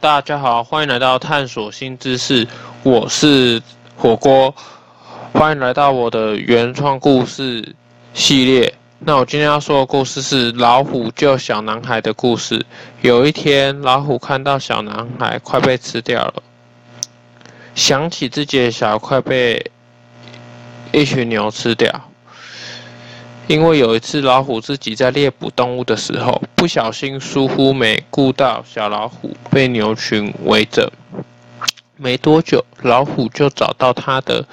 大家好，歡迎來到探索新知識。我是火鍋，歡迎來到我的原創故事系列。那我今天要說的故事是老虎救小男孩的故事。有一天，老虎看到小男孩快被吃掉了，想起自己的小孩快被一群牛吃掉。因為有一次，老虎自己在獵捕動物的時候，不小心疏忽，沒顧到小老虎被牛群圍着。沒多久，老虎就找到它的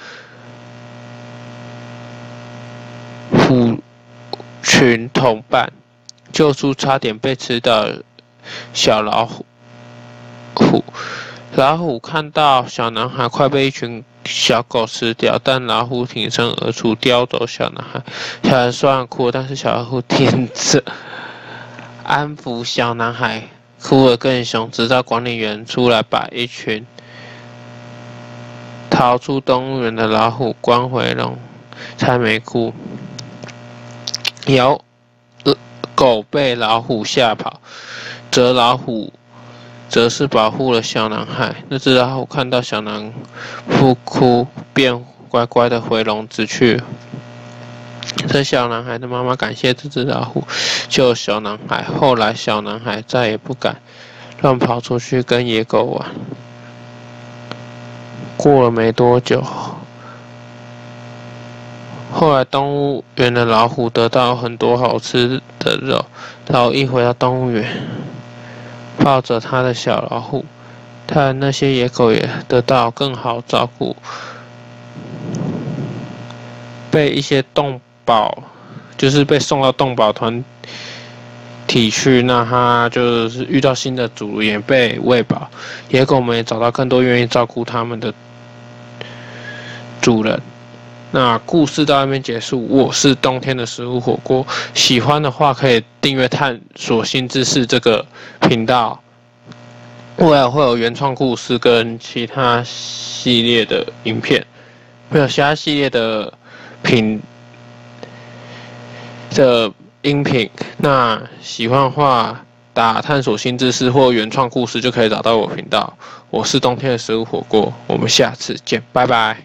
虎群同伴，救出差點被吃的小老虎。虎老虎看到小男孩快被一群。小狗吃掉，但老虎挺身而出叼走小男孩。小孩雖然哭了，但是小老虎挺着，安撫小男孩，哭得更兇。直到管理員出來把一群逃出動物園的老虎關回籠，才沒哭。有、呃、狗被老虎嚇跑，則老虎。則是保護了小男孩。那隻老虎看到小男孩不哭，便乖乖的回籠子去了。這小男孩的媽媽感謝這隻老虎救了小男孩。後來，小男孩再也不敢亂跑出去跟野狗玩。過了沒多久，後來動物園的老虎得到很多好吃的肉，然後一回到動物園。抱着他的小老虎，他那些野狗也得到更好照顧，被一些動保，就是被送到動保團體去。那他就是遇到新的主人，也被餵飽，野狗們也找到更多願意照顧他們的主人。那故事到這邊結束，我是冬天的食物火鍋，喜歡的話可以訂閱探索新知識這個頻道，未來會有原創故事跟其他系列的影片，還有其他系列的品的音頻，那喜歡的話打探索新知識或原創故事就可以找到我頻道，我是冬天的食物火鍋，我們下次見，拜拜。